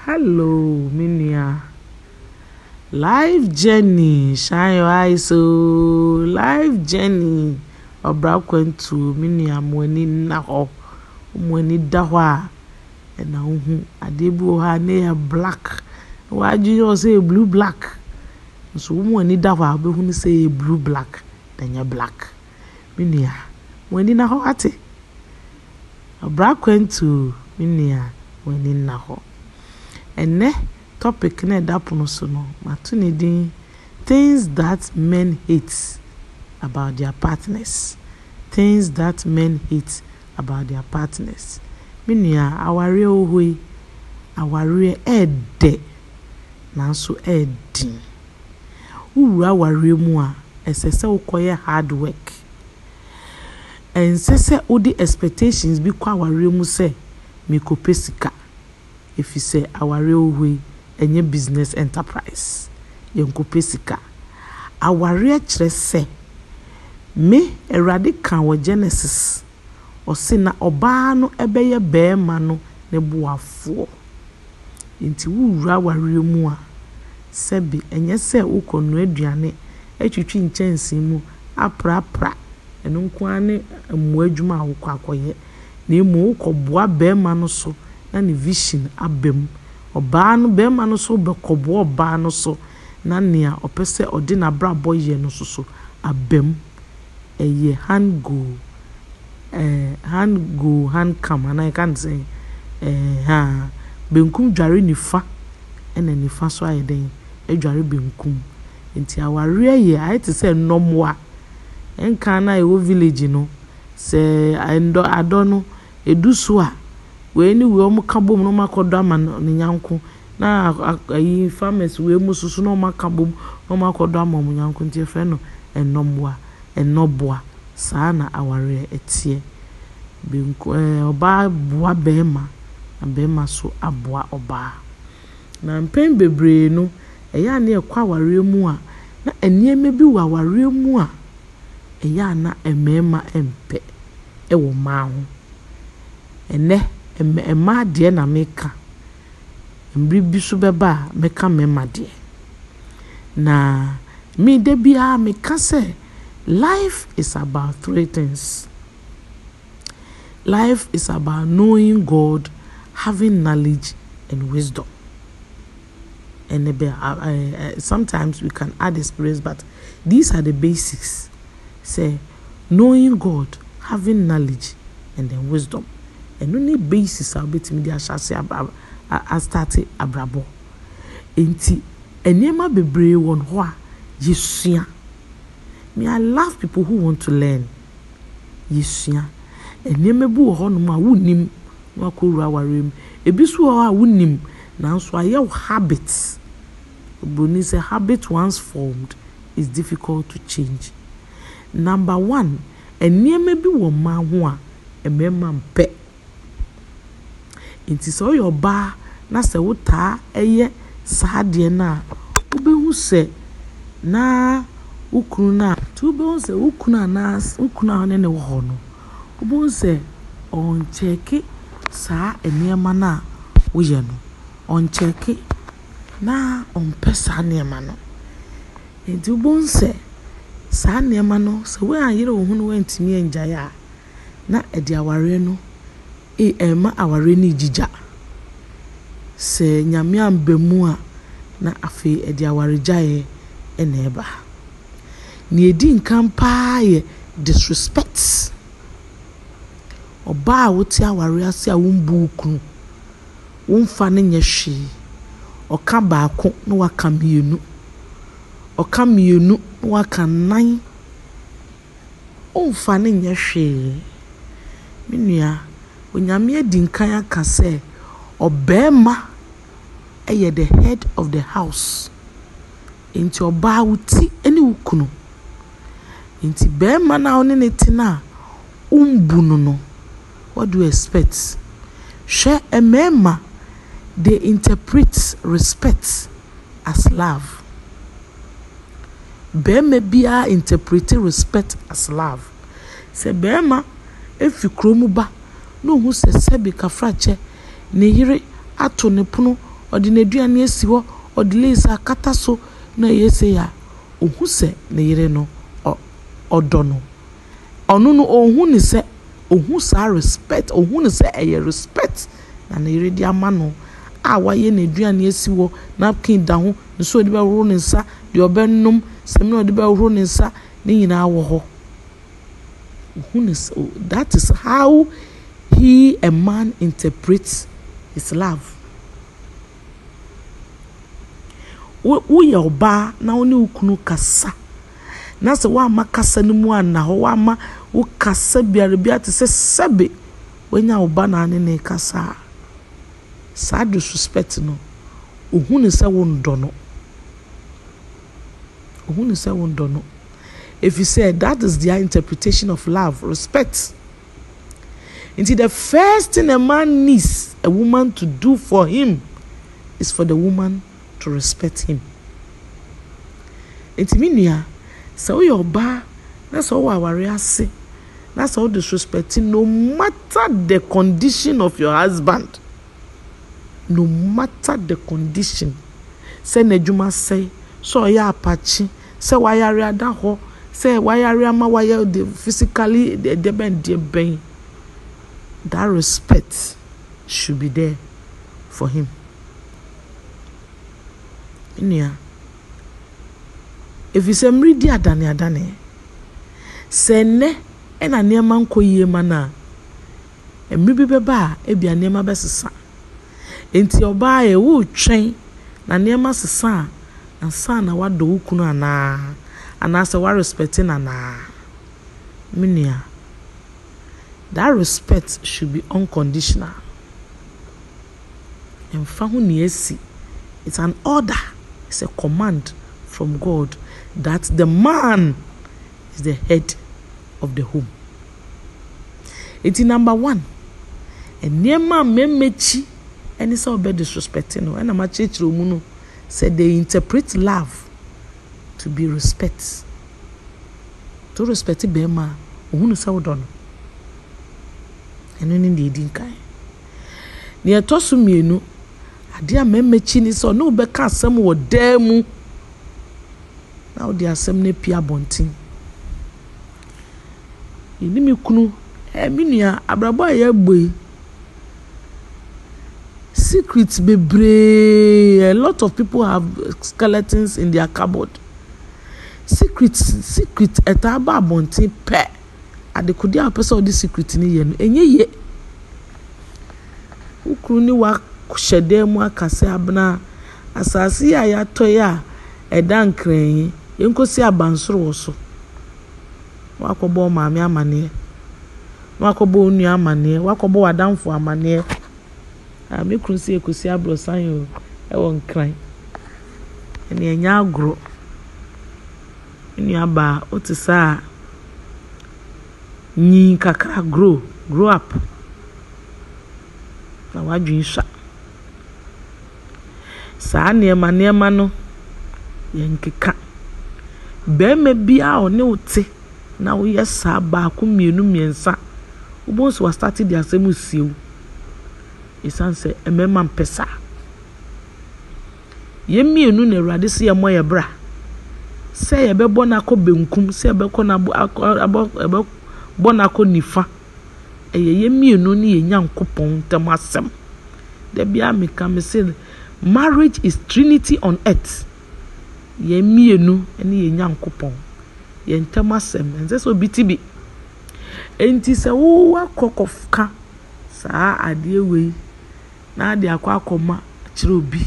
Hello, me nua. Life journey, shine your eyes o. Life journey, ɔbra kwantuo, me nua, mo ani nna hɔ. Mo ani da hɔ a, ɛna wohu adeɛ bi wɔ hɔ a na ɛyɛ black. Wɔadwene wɔ sɛ ɛyɛ blue black. Nso wo mo ani da hɔ a wobɛhu ne sɛ ɛyɛ blue black na ɛnyɛ black. Me nua, mo ani nna hɔ ate. Ɔbra kwantuo, me nua, wo ani nna hɔ ɛnɛ topic na ɛda pono so no mato ne din things that men hate about their partners things that men hate about their partners me nua awareɛ wɔ hɔ yi awareɛ ɛɛdɛ nanso ɛɛdin wowura awareɛ mu a ɛsɛ sɛ wokɔyɛ hard work ɛnsɛ sɛ wode expectations bi kɔ awareɛ mu sɛ mekɔpɛ sika ɛfiri sɛ awareɛ wɔ hɔ yi ɛnyɛ business enterprise yɛnkɔpɛ sika awaare kyerɛ sɛ me awurade ka wɔ genesis ɔse na ɔbaa no ɛbɛyɛ bɛrima no ne boafoɔ nti wowura awaare mu a sɛbi ɛnyɛ sɛ wokɔ nnua aduane atwitwi nkyɛnsee mu aprapra ɛno nko ara ne mmoa adwuma a wokɔ akɔyɛ na mmom wokɔboa bɛrima no so na ne vision aba mu ɔbaa no barima no nso bɛkɔboa ɔbaa no so na nea ɔpɛ sɛ ɔde n'abrabɔ yɛ no nso so aba mu ɛyɛ hand go ɛɛ hand go hand cam anaa yɛka no sɛ ɛɛ haa benkum dware nifa ɛna nifa so ayɛ dɛn adware benkum nti awareɛ yɛ ayɛ te sɛ nnɔmoa nka na ɛwɔ village no sɛ ɛndɔ adɔ no edu so a. wee ni wee ɔmo ka bom na ɔmo akɔdɔ ama ne nyanko na ayi farmers wee mu soso na ɔmo aka bom na ɔmo akɔdɔ ama ɔmo nyanko nti efrɛ no ɛnɔboa ɛnɔboa saa na awareɛ ɛteɛ benku ɛɛ ɔbaa boa bɛɛma na bɛɛma so aboa ɔbaa na mpɛn bebree no ɛyɛ ani ɛkɔ awareɛ mu a na nneɛma bi wɔ awareɛ mu a ɛyɛ ana mmarima mpɛ ɛwɔ mmaa ho ɛnɛ. mmaa deɛ na meka mmere bi so bɛba a mɛka mmarima deɛ na me da biara meka sɛ life is about three things life is about knowing god having knowledge and wisdom and uh, sometimes we can add experience but these are the basics say knowing god having knowledge and then wisdom ɛno ne basis a wobɛtumi de ahyɛ ase astarte abrabɔ nti nneɛma bebree wɔ hɔ a yɛsua me i love people who want to learn yɛsua nneɛma bi wɔ hɔnom a wonnim na wakɔwura awareɛ mu ebi so wɔ hɔ a wonnim nanso ayɛ wo habit obroni sɛ habit once formed is difficult to change number one nneɛma bi wɔ mmaa ho a mmarima mpɛ nti sɛ woyɛ ɔbaa na sɛ wotaa ɛyɛ saa no a wobɛhu sɛ na wo no a nti wobɛhu sɛ wo kunu a ne ne wɔ hɔ no wobɛhu sɛ ɔnkyɛke saa nneɛma no a woyɛ no ɔnkyɛke na ɔmpɛ saa nneɛma no nti wobɛhu sɛ saa nneɛma no sɛ woanyere wo ho no woantumi angyae a na ɛde awareɛ no ɛma awareɛ no gyigya sɛ nyame amba mu a na afei ɛde awaregyaeɛ na ɛba Na ɛdi nkan paa yɛ disrespect ɔbaa a wote awareɛ ase a wombu wo kunu womfa no nyɛ hwee ɔka baako na waka mmienu ɔka mmienu na waka nnan womfa no nyɛ hwee me nua onyame adi nkan aka sɛ ɔbarima yɛ the head of the house nti ɔbaa wo ti ne wo kunu nti barima no a ɔne ne te a wombu no no what do you expect hwɛ mmarima they interpret respect as love barima biara interpret respect as love sɛ barima efi kurom ba. na ohu sɛ sɛbi kafrakyɛ ne yere ato ne pono ɔde n'aduane asi hɔ ɔde lace akata so na ɛyɛ sei ya ohu sɛ ne yere no ɔdɔ no ɔno no ohu ne sɛ ohu saa respect ohu ne sɛ ɛyɛ respect na ne yere de ama no a wayɛ n'aduane asi hɔ napkin da ho nso ɔde bɛhoro ne nsa deɛ ɔbɛnom sɛmina ɔde bɛhoro ne nsa ne nyinaa wɔ hɔ ohu ne sɛ that is how. he a man interprets his love woyɛ ɔbaa na wo ne kunu kasa na sɛ woama kasa no mu ana hɔ woama wo kasa biara bi ate sɛ sɛbe woanya wo ba naa ne ne kasa a saa disrespect no ohunu sɛ wo ndɔ no ohunu sɛ wo ndɔ no efi sɛ that is their interpretation of love respect nti the first thing a man needs a woman to do for him is for the woman to respect him nti me nua sɛ woyɛ ɔbaa na sɛ ɔwɔ aware ase na sɛ ɔwɔ disrespect no matter the condition of your husband no matter the condition sɛ n'adwuma sɛ sɛ ɔyɛ apakye sɛ wayare ada hɔ sɛ wayare ama wayɛ de physically deɛ bɛn deɛ bɛn. that respect should be there for him. Nnua, efisɛ mmiri di adane adane, sɛ nnɛ ena nneɛma nkɔ yie ma no a, mmiri bi a ebi a nneɛma bɛsesa. Nti ɔbaa yɛ wɔretwɛn na nneɛma sesa na ansa na wadɔ wo kunu anaa anaasɛ warespɛte no na Me that respect should be unconditional And ho na it's an order it's a command from god that the man is the head of the home It's number one And nneɛma a mmɛmmɛkyi ɛne sɛ ɔbɛ and no ɛna makyerɛkyerɛ mu no said they interpret love to be respect to respect bɛrima a ohun sɛ ɛno ne deɛ ɛdi nkan deɛ ɛtɔ so mmienu adeɛ a mmarima akyi ne sɛ ɔne wobɛka asɛm wɔ daa mu na wode asɛm no apie abɔnten yɛne me kunu ɛ me nua abrabɔ a yɛabɔ yi secret bebree a lot of people have skeletons in their cupboard secret secret ɛtaa ba abɔnten pɛ adekode a wɔpɛ sɛ wɔde secret no yɛ no ɛnyɛ yie wo kuru ne wahyɛ dan mu aka sɛ abena asase yi a yɛatɔ yi a ɛda nkranyi yɛnkɔsi abansoro wɔ so wakɔbɔ wo maame amanneɛ wakɔbɔ wo nua wakɔbɔ w'adamfo amanneɛ a me kuru sɛ yɛkɔsi aborɔsan o ɛwɔ nkran ɛne ɛnyɛ agorɔ nua baa wote saa nyin kakra grow grow up na w'adwene sua saa nneɛma nneɛma no nkeka. barima bi a ɔne wo te na woyɛ saa baako mmienu mmiɛnsa wobɛhu sɛ wɔastate de asɛm sie wo ɛsiane sɛ mmarima mpɛ saa yɛn mmienu na awurade sɛ yɛmmɔ yɛ bra sɛ yɛbɛbɔ no akɔ benkum sɛ yɛbɛkɔ no abɔ abɔ bɔ no nifa ɛyɛ yɛ mmienu ne yɛ nyankopɔn ntam asɛm da bia meka me marriage is trinity on earth yɛ mmienu ne yɛ nyankopɔn yɛ ntam asɛm ɛnsɛ sɛ obi ti bi nti sɛ wowɔ akɔ kɔka saa adeɛ wei na ade akɔ akɔma kyerɛ obi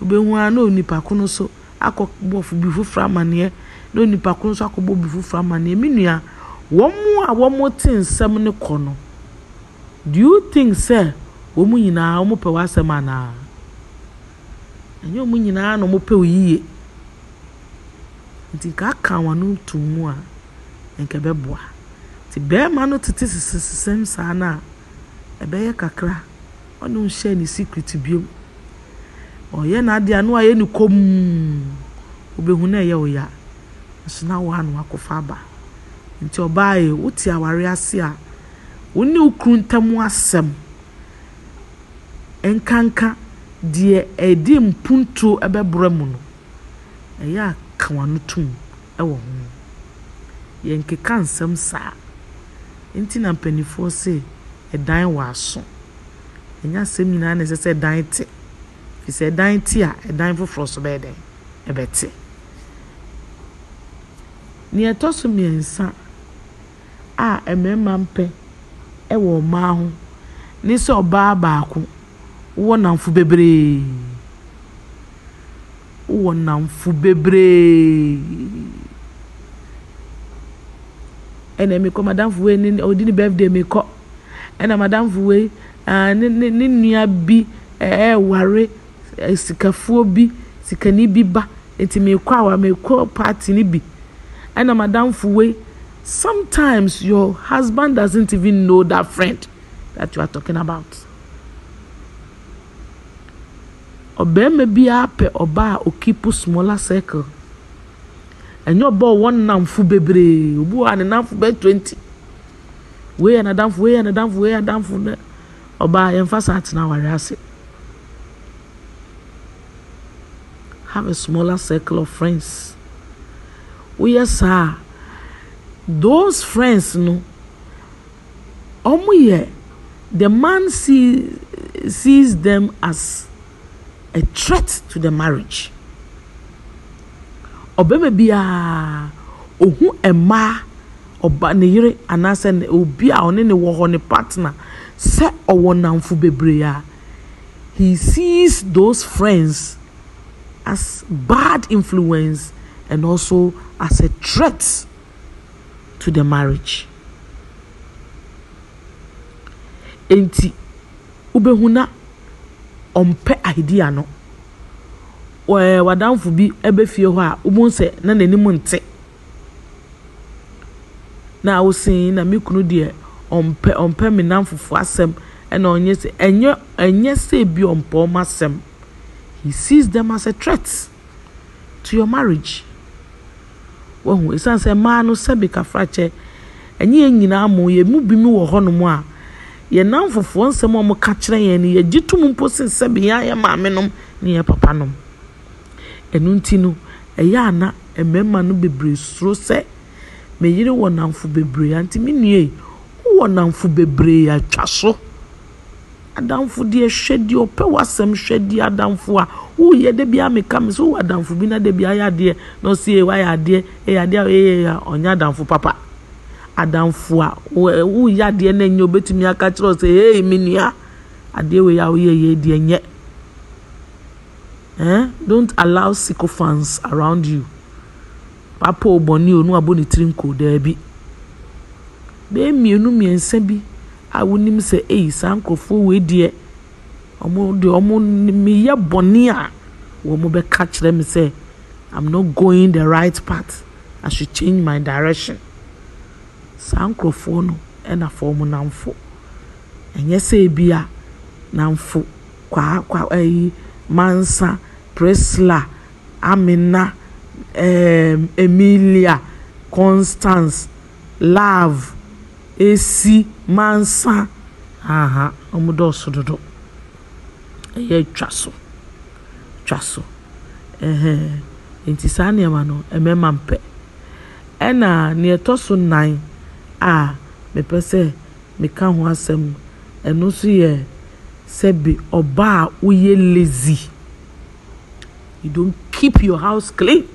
obɛhu ara na onipa ko no so akɔ bɔ bi foforɔ amaneɛ na onipa ko no so akɔ bɔ bi foforɔ amaneɛ me nua wɔn a wɔte nsɛm no kɔ no do you think sɛ wɔn nyinaa wɔn pɛ w'asɛm anaa ɛnyɛ wɔn nyinaa na wɔn pɛ yie nti kaka wɔn to mu a nka bɛboa nti bɛrima no tete sisisisɛm saa na ɛbɛyɛ kakra ɔno nhyɛ ne secret biom ɔyɛ n'adeɛ ano a yɛ ne kɔn mu obehu na ɛyɛ ɔya nso na wɔn ano akɔfa aba. nti ɔbaa yi wote aware ase a wone ne wo kuru ntam asɛm nkanka deɛ ɛde mpuntuo ɛbɛbrɛ mu no ɛyɛ aka no tum ɛwɔ ho yɛnkeka nsɛm saa nti na mpanyinfoɔ se ɛdan wɔ aso ɛnyɛ asɛm nyinaa na ɛsɛ sɛ ɛdan te fi sɛ ɛdan te a ɛdan foforɔ so bɛyɛ dɛn ɛbɛte nea ɛtɔ so mmiɛnsa a mmarima mpɛ wɔ ɔmaa ho ne sɛ ɔbaa baako wɔ nnamfo bebree wowɔ nnamfo bebree ɛna mekɔ madamfo wei ne ɔdi ne birthday mekɔ ɛna madamfo wei ne ne ne nua bi ɛɛware eh, bi sikani bi ba nti mekɔ awa mekɔ paati ne bi ɛna madamfo wei. sometimes your husband doesn't even know that friend that you are talking about ɔbɛrima biara pɛ ɔbaa okipu smaller circle ɛnyɛ ɔbaa ɔwɔ nnamfo bebree obi wɔ a ne nnamfo twenty wei yɛ n'adamfo wei yɛ n'adamfo wei yɛ n'adamfo ne ɔbaa yɛnfa saa tena awari ase have a smaller circle of friends woyɛ saa those friends no ɔmo yɛ the man see, sees them as a threat to the marriage ɔbɛma biara ohu mmaa ɔba ne yere anaasɛ obi a ɔne ne wɔ hɔ ne partner sɛ ɔwɔ namfo bebree a he sees those friends as bad influence and also as a threat to the marriage nti wobɛhu na ɔmpɛ idea no ɛɛ wadanfo bi ɛbɛfie hɔ a wɔn sɛ na n'anim nte na awosin na me kunu deɛ ɔmpɛ ɔmpɛ me nan fufuo asɛm ɛna ɔnyɛ sɛ ɛnyɛ ɛnyɛ sɛ bi ɔmpɛ ɔmo asɛm he sees them as a threat to your marriage wɔhu esan sɛ mmaa no sɛbi kafrakyɛ ɛnyɛ yɛn nyinaa mo yɛn mu bi mi wɔ hɔnom a yɛn nan fofoɔ nsɛm a wɔka kyerɛ yɛn no yɛgye tum mpo si sɛbi yɛn ayɛ maame nom ne yɛ papa nom ɛnu nti no ɛyɛ ana mmarima no bebree soro sɛ meyere wɔ nanfo bebree anti mi nua yi wɔ nanfo bebree atwa so adamfo deɛ hwɛ deɛ ɔpɛ w'asɛm hwɛ deɛ adamfo a woyɛ de bi ameka mi so wo adamfo bi na de bi ayɛ adeɛ na ɔsi yɛ wayɛ adeɛ ɛyɛ adeɛ a ɛyɛ yɛ ɔnyɛ adamfo papa adamfo a eh, woyɛ adeɛ na nyɛ obetumi aka kyerɛ ɔsɛ hey mi nua adeɛ wei a woyɛ yɛ deɛ nyɛ ɛn eh? don't allow fans around you papa obɔnni onu abɔ ne tiri nko daabi bɛɛ mmienu mmiɛnsa bi. a wonim sɛ eyi saa nkurɔfoɔ wei deɛ ɔmo deɛ ɔmo meyɛ bɔne a wɔn bɛka kyerɛ mi sɛ i'm not going the right part i should change my direction saa nkurɔfoɔ no ɛna fɔm namfo ɛnyɛ sɛ ebia namfo kwa kwa ɛyi mansa presla amina ɛɛm emilia constance love. esi mansa aha wɔn dɔɔso dodo ɛyɛ twa so twa so ɛhɛn nti saa nneɛma no mmarima mpɛ ɛna nea ɛtɔ so nan a mepɛ sɛ meka ho asɛm ɛno nso yɛ sɛbi ɔbaa woyɛ lazy you don't keep your house clean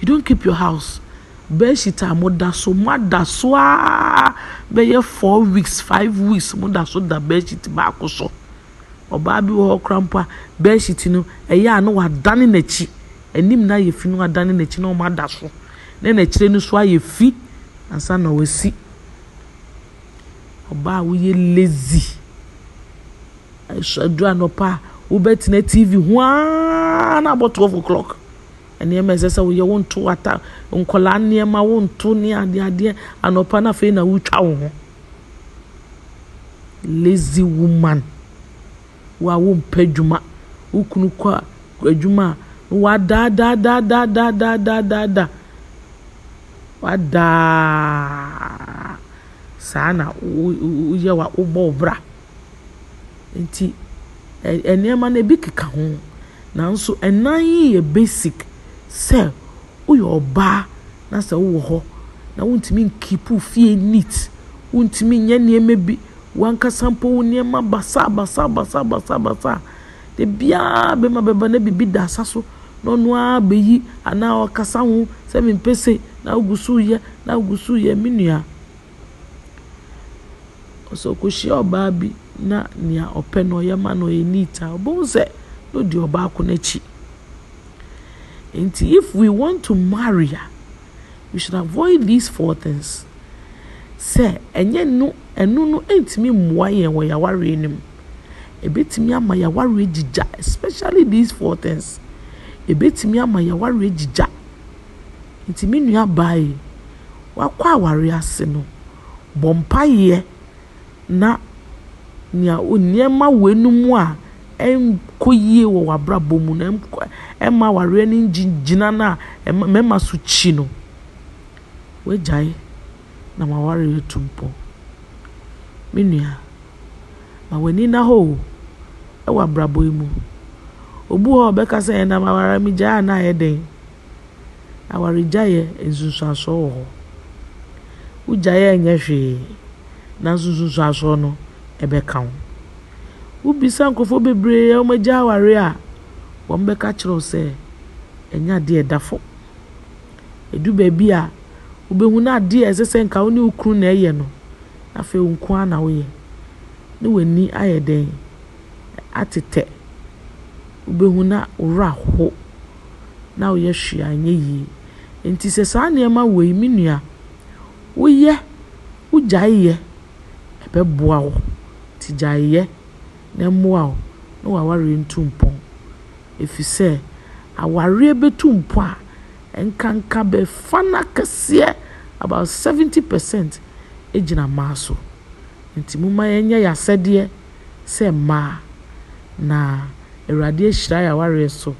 you don't keep your house bedsheet a moda so moada so aa bɛyɛ four weeks five weeks moda so da bedsheet baako so ɔbaa bi wɔ hɔ kora mpo a bedsheet no ɛyɛ a no wadane n'akyi anim no ayɛ fi no wadane n'akyi na ɔmo ada so ne n'akyire no so ayɛ fi ansa na wasi ɔbaa woyɛ lazy ɛsɛ dura nɔpa a wobɛtena tv hoaa na abɔ twelve o'clock nneɛma ɛsɛ sɛ woyɛ wonto ata nkɔlaa nneɛma wonto ne adeadeɛ anɔpa no afei na wotwa wo ho lazy woman wo a wompɛ adwuma wo kunu kɔ adwuma a wadaadaadaadaadaadaada wadaa saa na woyɛ wa wobɔ wo bra nti nneɛma no ebi keka ho nanso ɛnan yi yɛ basic sɛ woyɛ ɔbaa na sɛ wowɔ hɔ na wontumi nkipu fie neat wontumi nyɛ nneɛma bi wankasa mpo wo nneɛma basa basa basa basa basa de biara bɛma bɛba na biribi da asa so na ɔno ara bɛyi anaa ɔkasa ho sɛ mempɛ se na wogu so yɛ na wogu so yɛ me nua ɔsɛ ɔkɔhyia ɔbaa bi na nea ɔpɛ no ɔyɛ ma no ɔyɛ neat a ɔbɛhu sɛ na ɔdi ɔbaa n'akyi nti if we want to marry her, we should avoid these four things sɛ ɛnyɛ no ɛnu no ntumi why yɛn wɔ him. no mu me ama yɛawareɛ gyigya especially these four things ebetumi ama yɛawareɛ gyigya nti mi nua baa yi wakɔ awareɛ ase no bɔ mpaeɛ na nea nneɛma wɔ enum a ɛnkɔ yie wɔ w'abrabɔ mu na ɛnkɔ. ɛma awareɛ no gyina no a mmarima so kyi no wagyae na ma awareɛ tu mpɔ me nua ma w'ani na hɔ e e o ɛwɔ abrabɔ yi mu obu hɔ ɔbɛka sɛ ɛnam awara mi gyae a na ayɛ den awaregyaeɛ nsunsuasoɔ wɔ hɔ wogyaeɛ nyɛ hwee nanso nsunsuasoɔ no ɛbɛka ho wobisa nkurɔfoɔ bebree a wɔn agya aware a wɔn bɛka kyerɛ wo sɛ ɛnyɛ adeɛ ɛda fo ɛdu baabi a wobɛhu no adeɛ ɛsɛ sɛ nka wo ne wo kunu na ɛyɛ no afei wo nko ara na woyɛ ne w'ani ayɛ dɛn atetɛ wobɛhu na worɔ aho na woyɛ hwee anyɛ yie nti sɛ saa nneɛma wei me nua woyɛ wogyaeyɛ ɛbɛboa wo nti gyaeyɛ na mmoa wo na waware ntu mpɔ ɛfiri sɛ awareɛ bɛtu mpo a nkanka bɛfa no akɛseɛ about 70 percent gyina mmaa so nti momma yɛnyɛ yɛ asɛdeɛ sɛ mmaa na awurade ahyira yɛ so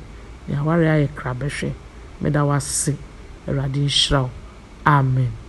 ne ayɛ krabɛhwɛ meda wase awurade nhyira amen